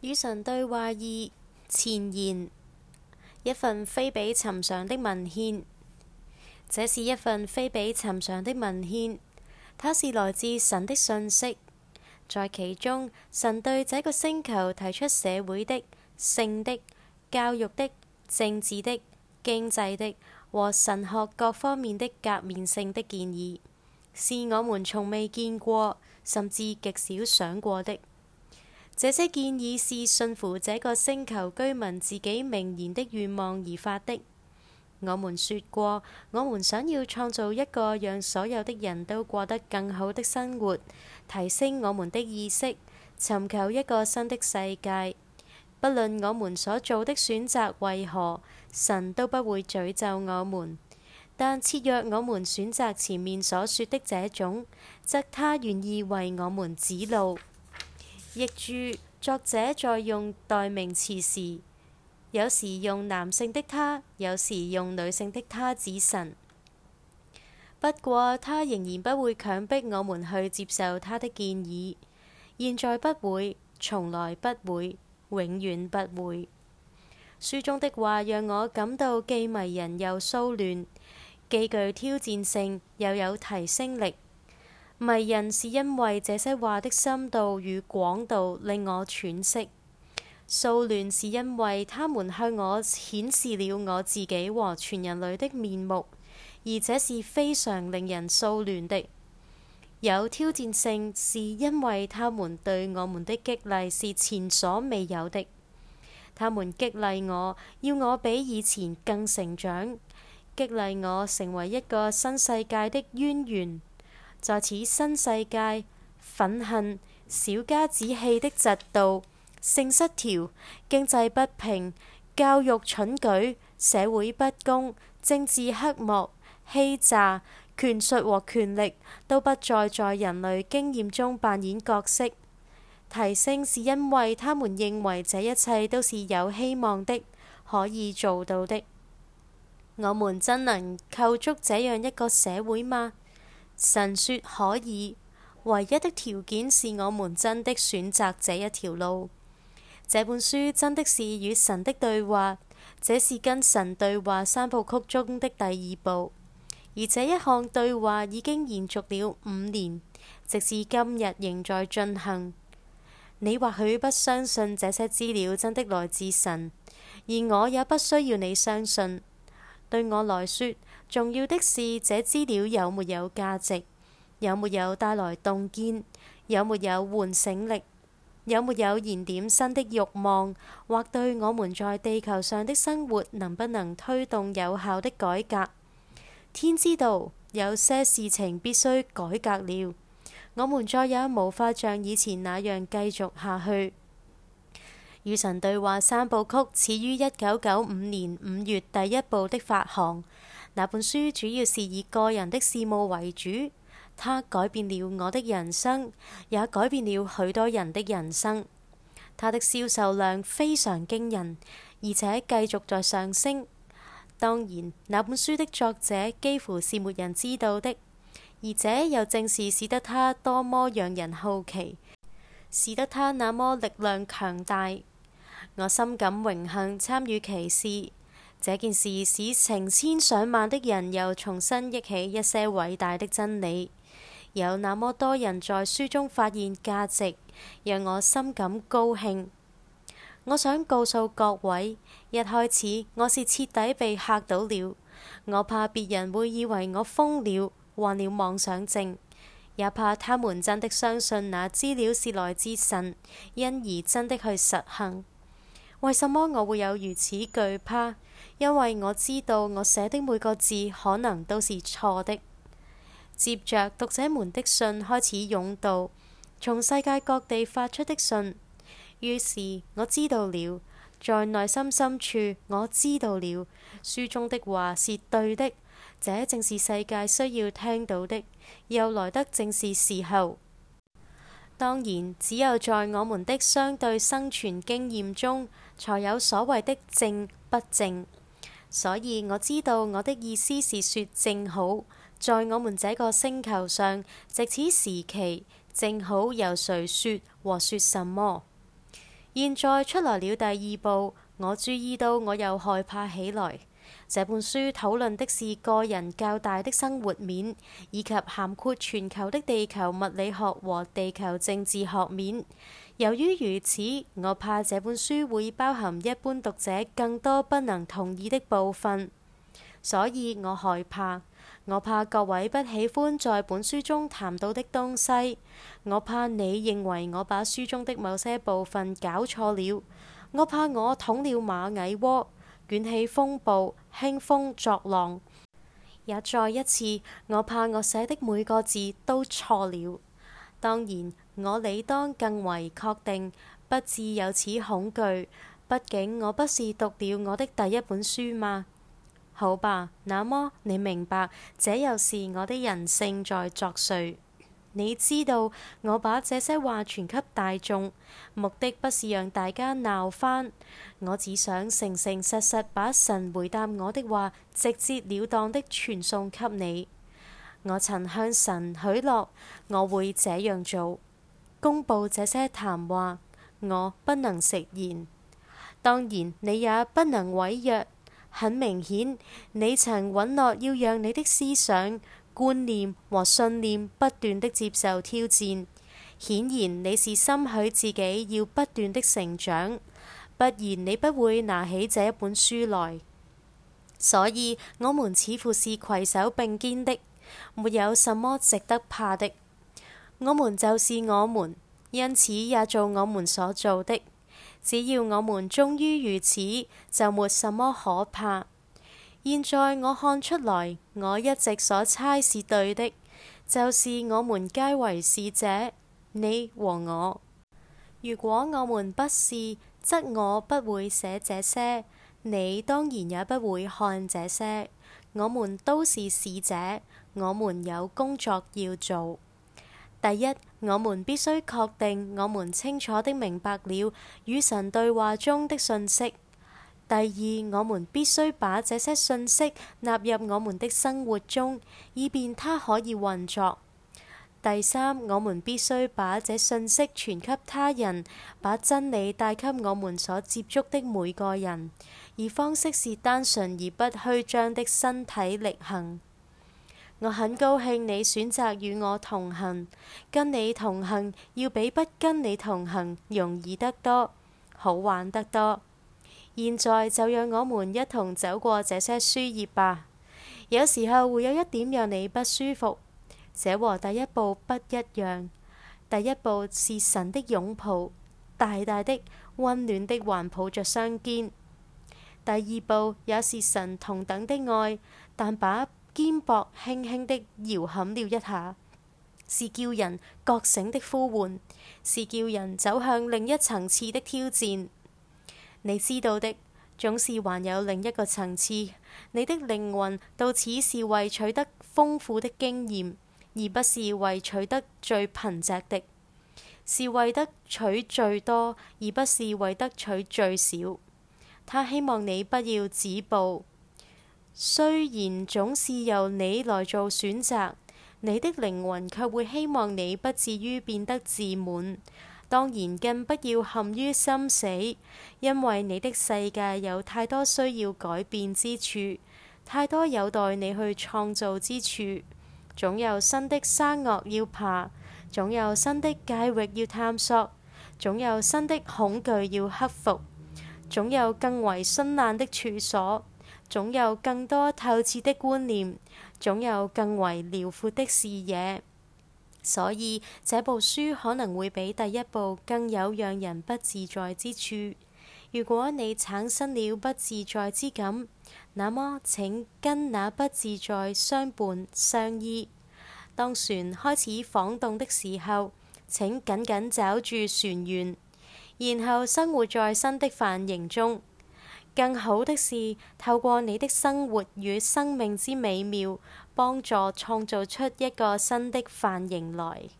與神對話二，前言，一份非比尋常的文獻，這是一份非比尋常的文獻，它是來自神的信息，在其中，神對這個星球提出社會的、性的、教育的、政治的、經濟的和神學各方面的革命性的建議，是我們從未見過甚至極少想過的。這些建議是信服這個星球居民自己明言的願望而發的。我們說過，我們想要創造一個讓所有的人都過得更好的生活，提升我們的意識，尋求一個新的世界。不論我們所做的選擇為何，神都不會詛咒我們。但切若我們選擇前面所說的這種，則他願意為我們指路。譯著作者在用代名詞時，有時用男性的他，有時用女性的她指神。不過他仍然不會強迫我們去接受他的建議，現在不會，從來不會，永遠不會。書中的話讓我感到既迷人又騷亂，既具挑戰性又有提升力。迷人是因為這些話的深度與廣度令我喘息；騷亂是因為他們向我顯示了我自己和全人類的面目，而這是非常令人騷亂的。有挑戰性是因為他們對我們的激勵是前所未有的。他們激勵我，要我比以前更成長，激勵我成為一個新世界的淵源。在此新世界，憤恨、小家子氣的制度、性失調、經濟不平、教育蠢舉、社會不公、政治黑幕、欺詐、權術和權力都不再在，在人類經驗中扮演角色。提升是因為他們認為這一切都是有希望的，可以做到的。我們真能構築這樣一個社會嗎？神說可以，唯一的條件是我們真的選擇這一條路。這本書真的是與神的對話，這是跟神對話三部曲中的第二部，而這一項對話已經延續了五年，直至今日仍在進行。你或許不相信這些資料真的來自神，而我也不需要你相信，對我來說。重要的是，這資料有沒有價值？有沒有帶來洞見？有沒有喚醒力？有沒有燃點新的慾望？或對我們在地球上的生活，能不能推動有效的改革？天知道，有些事情必須改革了。我們再也無法像以前那樣繼續下去。與神對話三部曲始於一九九五年五月第一部的發行。那本書主要是以個人的事務為主，它改變了我的人生，也改變了許多人的人生。它的銷售量非常驚人，而且繼續在上升。當然，那本書的作者幾乎是沒人知道的，而這又正是使得他多麼讓人好奇，使得他那麼力量強大。我深感榮幸參與其事，這件事使成千上萬的人又重新憶起一些偉大的真理。有那麼多人在書中發現價值，讓我深感高興。我想告訴各位，一開始我是徹底被嚇到了，我怕別人會以為我瘋了，患了妄想症，也怕他們真的相信那資料是來自神，因而真的去實行。為什麼我會有如此懼怕？因為我知道我寫的每個字可能都是錯的。接着讀者們的信開始湧到，從世界各地發出的信。於是我知道了，在內心深，深處我知道了，書中的話是對的。這正是世界需要聽到的，又來得正是時候。當然，只有在我們的相對生存經驗中。才有所謂的正不正，所以我知道，我的意思是說，正好在我們這個星球上，值此時期正好由誰說和說什麼。現在出來了第二部，我注意到我又害怕起來。這本書討論的是個人較大的生活面，以及涵括全球的地球物理學和地球政治學面。由於如此，我怕這本書會包含一般讀者更多不能同意的部分，所以我害怕，我怕各位不喜歡在本書中談到的東西，我怕你認為我把書中的某些部分搞錯了，我怕我捅了螞蟻窩。捲起風暴，興風作浪，也再一次，我怕我寫的每個字都錯了。當然，我理當更為確定，不至有此恐懼。畢竟，我不是讀了我的第一本書嗎？好吧，那麼你明白，這又是我的人性在作祟。你知道我把這些話傳給大眾，目的不是讓大家鬧翻，我只想誠誠實實把神回答我的話，直截了當的傳送給你。我曾向神許諾，我會這樣做，公布這些談話。我不能食言，當然你也不能違約。很明顯，你曾允諾要讓你的思想。觀念和信念不斷的接受挑戰，顯然你是心許自己要不斷的成長，不然你不會拿起這一本書來。所以，我們似乎是攜手並肩的，沒有什麼值得怕的。我們就是我們，因此也做我們所做的。只要我們忠於如此，就沒什麼可怕。現在我看出來，我一直所猜是對的，就是我們皆為使者，你和我。如果我們不是，則我不會寫這些，你當然也不會看這些。我們都是使者，我們有工作要做。第一，我們必須確定我們清楚的明白了與神對話中的信息。第二，我們必須把這些信息納入我們的生活中，以便它可以運作。第三，我們必須把這信息傳給他人，把真理帶給我們所接觸的每個人，而方式是單純而不虛張的身體力行。我很高興你選擇與我同行，跟你同行要比不跟你同行容易得多，好玩得多。現在就讓我們一同走過這些書頁吧。有時候會有一點讓你不舒服，這和第一步不一樣。第一步是神的擁抱，大大的、溫暖的環抱着雙肩。第二步也是神同等的愛，但把肩膊輕輕的搖撼了一下，是叫人覺醒的呼喚，是叫人走向另一層次的挑戰。你知道的，總是還有另一個層次。你的靈魂到此是為取得豐富的經驗，而不是為取得最貧瘠的；是為得取最多，而不是為得取最少。他希望你不要止步，雖然總是由你來做選擇，你的靈魂卻會希望你不至於變得自滿。當然更不要陷於心死，因為你的世界有太多需要改變之處，太多有待你去創造之處。總有新的山岳要爬，總有新的界域要探索，總有新的恐懼要克服，總有更為絢爛的處所，總有更多透徹的觀念，總有更為遼闊的視野。所以，這部書可能會比第一部更有讓人不自在之處。如果你產生了不自在之感，那麼請跟那不自在相伴相依。當船開始晃動的時候，請緊緊抓住船舷，然後生活在新的範型中。更好的是，透過你的生活與生命之美妙。幫助創造出一個新的反應來。